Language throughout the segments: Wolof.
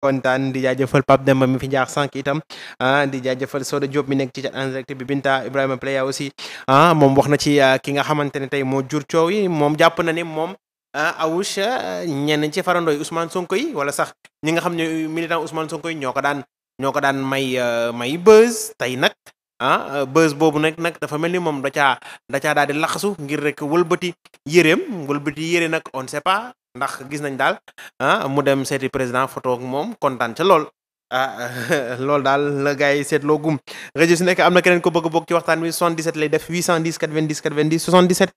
kontaan di jaajëfal Pape Demba mi fi jaar sànq itam ah di jaajëfal Soda Diop mi nekk ci chat en direct bi Binta Ibrahima Playa aussi ah moom wax na ci ah, ki nga xamante ne tey moo jur coow yi moom jàpp na ne moom ah, Awoush ah, ñenn ci farandooy Ousmane Sonko yi wala sax ñi nga xam ne militant Ousmane Sonko yi ñoo ko daan ñoo ko daan may may buzz tey nag ah buzz boobu nag nag dafa mel ni moom da caa da caa daal di laxasu ngir rek wëlbati yéreem wëlbati yére nag on ne pas ndax gis nañ daal ah mu dem seeti président photo ak moom kontaan ca lool ah loolu daal la gars yi seetloo gum rajo am na keneen ko bëgg a bokk ci waxtaan wi 77 lay def 810 90 90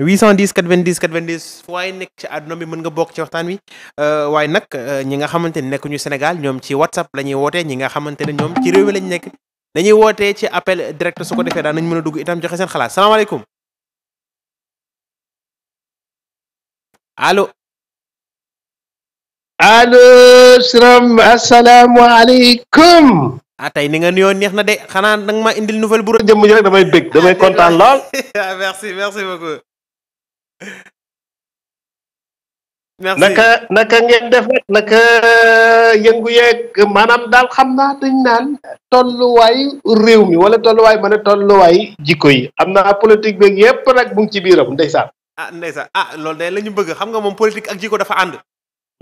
77 810 90 90 fu waaye nekk ci àdduna bi mën nga bokk ci waxtaan wi euh, waaye nag euh, ñi nga xamante ne nekkuñu Sénégal ñoom ci WhatsApp la ñuy wootee ñi nga xamante ne ñoom ci réew mi lañ nekk dañuy wootee ci appel direct su ko defee daan nañ dugg itam joxe seen xalaat allo Siram asalaamaaleykum. ah tey ni nga nuyoo neex na de xanaa nag ma indil nouvelle bu rëdd. jëmm ji rek damay bég damay kontaan lool. Ah, merci merci beaucoup. merci naka naka ngeen def naka yëngu yeeg maanaam daal xam naa dañ naan tolluwaayu réew mi wala tolluwaay ma ne tolluwaay jikko yi am naa politique beeg yépp nag mu ngi ci biiram a ah ndeysaan ah loolu day la ñu bëgg xam nga moom politique ak jiko dafa ànd.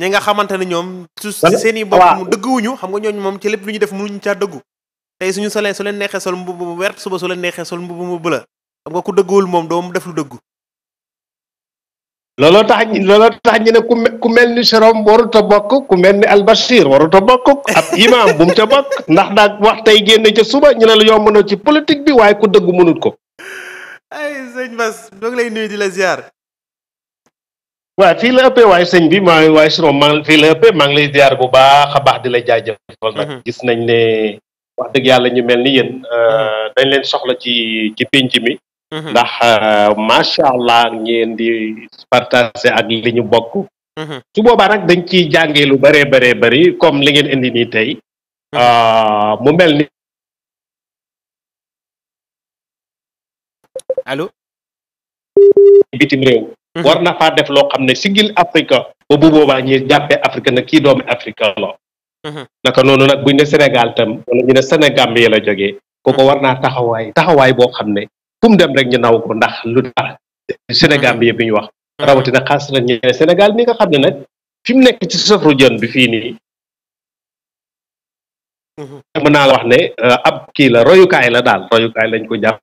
ñi nga xamante ne ñoom. su seen i bopp mu dëgguwuñu xam nga ñooñu moom ci lépp lu ñu def ñu caa dëggu. tey suñu solee su leen neexee sol mbubb mu wert suba su neexee sol mbubb mu bëla xam nga ku dëgguwul moom doo mu def lu dëggu. looloo tax looloo tax ñu ne ku ku mel ni Sorom warut a bokk ku mel ni Albashir warut a bokk ab imaam bu mu ca bokk ndax daag wax tey génne ca suba ñu ne la yomb na ci politique bi waaye ko dëggu mënut ko. ay sëñ Bass ñoo ngi lay nuyu la ziar. waaw fii la ëppee waaye sëñ bi maa waaye sinon maa fii la ëppee maa ngi lay ziar bu baax a baax di la jaaja nag mhm. gis nañ ne wax dëgg yàlla ñu mel ni yéen mhm. euh, leen soxla ci ci pénc mi mhm. ndax euh, macha allah ngeen di partagé ak li ñu su boobaa nag dañ ci jàngee lu bëree bëree bëri comme li ngeen indi nii tey euh, mu mel ni allo bitim réew war na def loo xam ne sigil Afrique ba bu boobaa ñuy jàppee Afrique nag kii doomi Afrique la. Mhm. naka noonu nag buñ ne Sénégal tam wala ñu ne Sénégal bi la jógee. kooku mhm. war naa taxawaay taxawaay boo xam ne fu mu dem rek ñu naw ndax lu tax mhm. bi bi wax. rawatina xaas na ñu ne Sénégal mi nga xam ne nag fi mu nekk ci sofru jën bi fii nii. mën naa la wax ne euh, ab kii la royukaay la daal royukaay lañ ko jàpp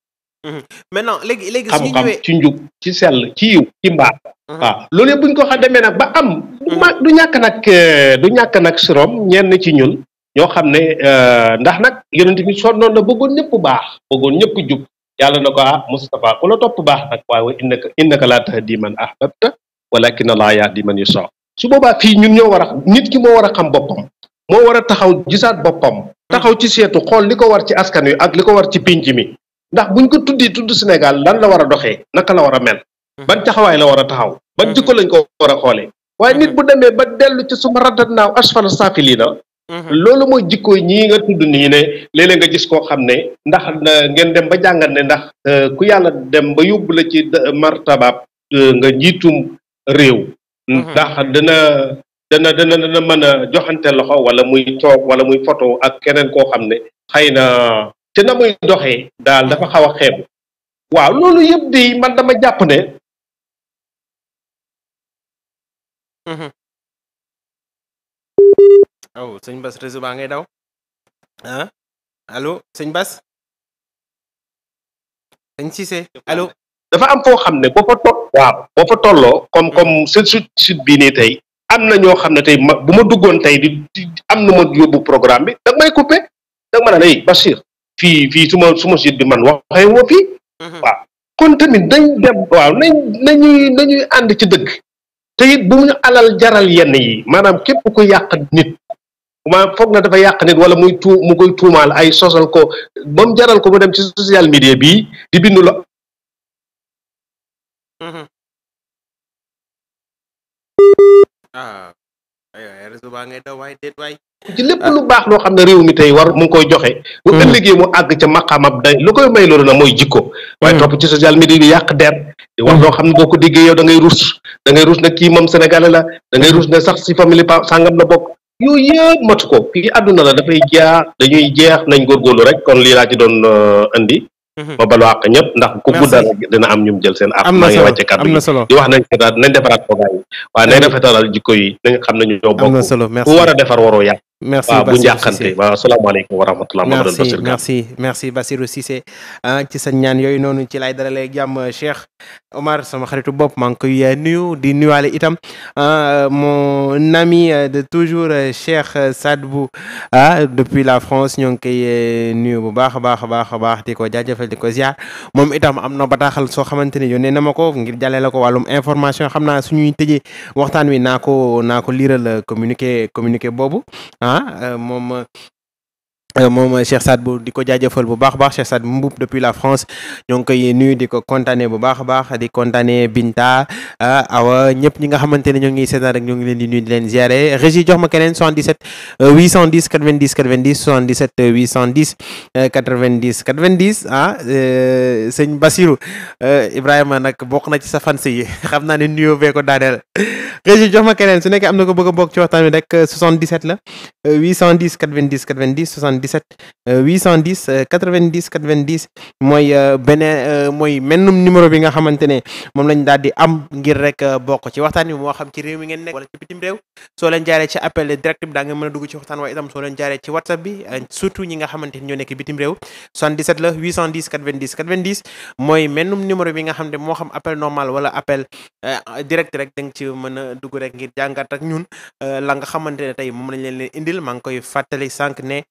Mhm. maintenant léegi léegi suñu ñëwee ci njub ci sell ci yiw ci mbaax. Mhm. waaw loole yëpp bu ñu ko xam demee nag ba am. du mhm. ma du ñàkk nag euh, du ñàkk nag surom ñenn ci ñun ñoo xam ne euh, ndax nag yonent bi noon na bëggoon ñëpp baax bëggoon ñëpp jub yàlla na ko ah Moustapha ku la topp baax nag waaye innaka innaka laa tahdi man ahbabta walakin Allah yahdi man yasha su boobaa fii ñun ñoo war a nit ki moo war a xam boppam moo war a taxaw gisaat boppam. taxaw ci seetu xool li ko war ci askan wi ak li ko war ci pénc mi. ndax buñ ko tuddee tudd Sénégal lan la war a doxee naka la war a mel mhm. ban taxawaay la war a taxaw ban mhm. jikko lañ ko war a xoolee waaye nit mhm. bu demee ba dellu ci suma radat naaw asfal saafiliina loolu mooy jikko ñii nga tudd nii ne léeg nga gis koo xam ne ndax eh, ngeen dem ba jàngat ne ndax eh, ku yàlla dem ba yóbbu la ci eh, martabaab nga njiitum réew ndax dana dana dana mën a joxante loxo wala muy toog wala muy photo ak keneen koo xam ne xëy na te na muy doxee daal dafa xaw a xeebu waaw loolu yëpp di man dama jàpp ne aw mm-hmm. oh, sëñ Bas réseau baa ngay daw allo sëñ Bas sëñ Cissé allo dafa am foo xam ne boo fa to waaw boo fa tolloo comme mm-hmm. comme seen sut sut bii nii tey am na ñoo xam ne tey ma bu ma duggoon tey di am na ma yóbbu programme bi danga may coupé danga ma naan ay Bachir fii fii su suma su bi man waxee woo fii mhm. waaw kon tamit dañ dem waaw nañ nañuy nañuy ànd ci dëgg te it bu ñu alal jaral yenn yi maanaam képp ku yàq nit maanaam foog na dafa yàq nit wala muy tuu mu koy tuumaal ay sosal ko ba jaral ko mu dem ci social media bii di bindu la mhm. ah. ci lépp ah. lu baax loo xam ne réew mi tey war mu ngi koy joxe. Hmm. bu ëllëgee mu àgg ca maqaamab day lu koy may loolu na mooy jikko. waaye hmm. topp ci mi media bi yàq der. di wax hmm. loo xam ne boo ko déggee yow da ngay ruus da ruus ne kii moom sénégalais la da ruus na sax si famille pa sàngam la bokk. yooyu yëpp matu ko fii àdduna la dafay jaar dañuy jeex nañ góorgóorlu rek kon lii laa ci doon euh, indi. ba mhm. balu àq ñëpp ndax ku guddal dina am ñum jël seen àq maa ngi wàcce kàddu yi di wax nañ defaraat nañ defaraat xam ne ñoo bokk ku defar waroo yàq merci waaw bu waaw salaamaaleykum wa rahmatulah. merci merci merci Bassirou Cissé ah ci sa ñaan yooyu noonu ci lay dalalee jàmm Cheikh Omar sama xaritu bopp maa ngi koy euh, nuyu di nuyuwaale itam euh, mon ami euh, de toujours Cheikh Sadbou ah depuis la France ñoo ngi nuyu bu baax a baax a baax a baax di ko jaajëfal di moom itam am na bataaxal soo xamante ni yónnee na ma ko ngir jàllale la ko wàllum information xam naa suñuy tëjee waxtaan wi naa ko naa ko liiral communiqué communiqué boobu. ah euh, moom Euh, moom Cheikh Saad bu di ko jaajëfal bu baax a baax Cheikh Saad Mbuub depuis la France ñoo ngi koy nuyu di ko bu baax a baax di kontaane Binta euh, Awa ñëpp ñi nga xamante ne ñoo ngi seetaan rek ñoo ngi leen di nuyu di leen ziare régie jox ma keneen 77 euh, ah, na ci sa fans yi naa ne nuyoo bee ko daaneel régie jox ma keneen su nekkee am na ko bëgg a bokk ci waxtaan wi rek 77 la 77 810 90 90 mooy euh, beneen euh, mooy mennum numéro bi nga xamante ne moom lañ daal di am ngir rek euh, bokk ci waxtaan bi moo xam ci réew mi ngeen nekk wala ci bitim réew soo leen jaaree ci nga mën a dugg ci waxtaan waaye itam soo leen jaaree ci whatsapp bi surtout ñi nga xamante ne ñoo nekk bitim réew 77 la 810 90 90 mooy mennum numéro bi nga xam ne moo xam appel normal wala appel direct rek da nga ci mën a dugg rek ngir jàngat ak ñun la xamante ne tey moom lañ leen leen indil maa ngi koy fàttali sànq ne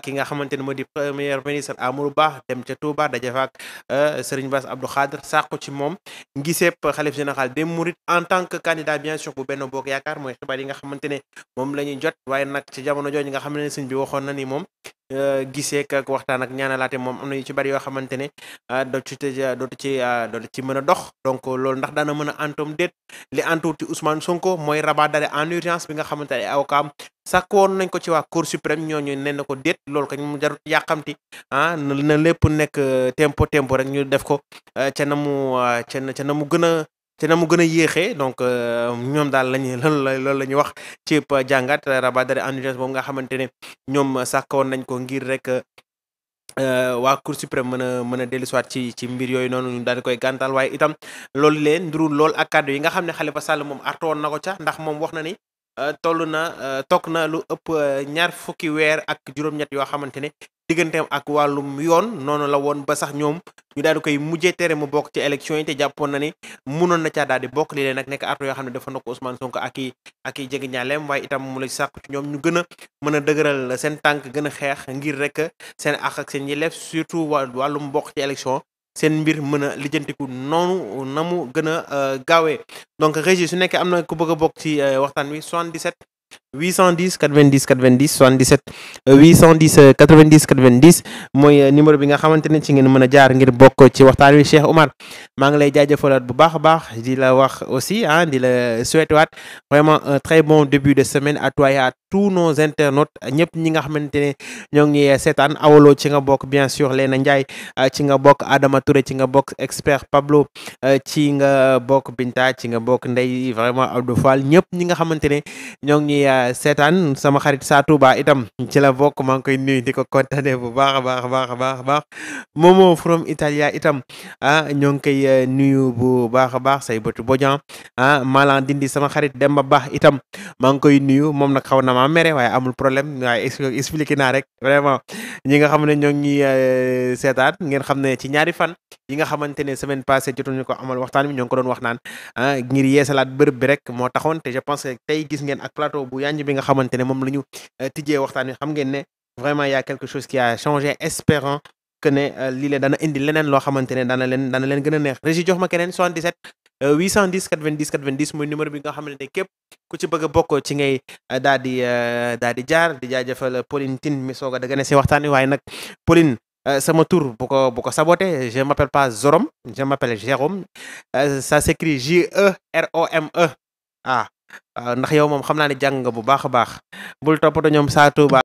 ki nga xamante ne moo di premier ministre Amadou Ba dem ca Touba daje fa ak euh, Serigne Bass Abdou Khadre ci moom ngiseep xalif général des Mourides en tant que candidat bien sûr bu Benno Bokk Yaakaar mooy xibaar yi nga xamante ne moom la ñuy jot waaye nag ci jamono jooju nga xam ne sëñ bi waxoon na ni moom Eh, gisee ak waxtaan ak ñaanalaate moom am na ci bari yoo xamante ne ah, dootu ci dootu ci ah, dootu ci mën a dox donc loolu ndax daana mën a antom déet li antuuti Ousmane Sonko mooy rabat en urgence bi nga xamante ne awkaam sàkk woon nañ ko ci wa Cour suprême ñooñu nen na ko déet loolu kañ mu jarut yàqamti ah na lépp nekk eh, tempo tempo rek ñu def ko eh, ca na mu ah, ca na mu te na mu gën a yéexee donc euh, ñoom daal lañu loolu la loolu la ñuy wax ci euh, jàngat Rabadari en urgence boobu nga xamante ne ñoom sàkkoon nañ ko ngir rek euh, waa Cour suprême mën a mën a dellusiwaat ci ci mbir yooyu noonu ñu daal koy gàntal waaye itam loolu leen ndurul lool a kàddu yi nga xam ne Khalifa Sall moom artoon na ko ca ndax moom wax na ni toll na toog na lu ëpp ñaar fukki weer ak juróom-ñett yoo xamante ne digganteem ak wàllum yoon noonu la woon ba sax ñoom ñu daal di koy mujjee tere mu bokk ci élection yi te jàppoon na ni munoon na caa daal di bokk lii leen nag nekk artu yoo xam ne dafa nokk Ousmane Sonko ak i ak i jege ñaaleem waaye itam mu lay sàkku ci ñoom ñu gën a mën a dëgëral seen tànk gën a xeex ngir rek seen àq ak seen yelleef surtout wàllum bokk ci élection seen mbir mën a lijjantiku noonu na mu gën a euh, gaawee donc régie su nekkee am na ku bëgg a bokk ci euh, waxtaan wi 77 810 90 90 77 810 90 90 mooy euh, numéro bi nga xamante ne ci ngeen mën a jaar ngir bokk ci waxtaan wi Cheikh Oumar maa ngi lay jaajëfalaat bu baax a baax di la wax aussi ah di la souhaiter waat vraiment un très bon début de semaine à toi et à tous nos internautes ñëpp ñi nga xamante ne ñoo ngi euh, seetaan awaloo ci nga bokk bien sûr Léna njaay euh, ci nga bokk Adama Touré ci nga bokk expert Pablo ci nga bokk Binta ci nga bokk nday vraiment Abdou Fall ñëpp ñi nga xamante ñoo ngi seetaan sama xarit saa Touba itam ci la bokk maa ngi koy nuyu di ko kontaanee bu baax a baax a baax a Momo from Italia itam ah ñoo ngi koy eh, nuyu bu baax a baax say bëtu bojan ah Malang Dindi sama xarit Demba Ba itam maa ngi koy nuyu moom nag xaw na maa mere waaye amul problème waaye expliqué naa rek vraiment ñi nga xam ne ñoo ngi eh, seetaan ngeen xam ne ci ñaari fan yi nga xamante ne semaine passée jotuñu ko amal waxtaan bi ñoo ngi ko doon wax naan ah ngir je pense que tey gis ngeen ak plateau bu naññ bi nga xamante ne moom euh, wi xam ngeen vraiment y a quelque chose qui a changé espérant que ne euh, lii leen indi leneen loo xamante ne dana leen dana leen gën a neex régi jox ma keneen 77 810 90 90 muy numéro bi nga xamante ne képp ku ci bëgg a bokk ci ngay euh, daal di daal Pauline Tine mi soog a da gane wi waaye nag Pauline sama tur bu ko je m'appelle pas Zorom je m'appelle Jérôme ça s'écrit J E R O M e. ah, waaw ndax yow moom xam naa ne jàng nga bu baax a baax bul toppatoo ñoom saa Touba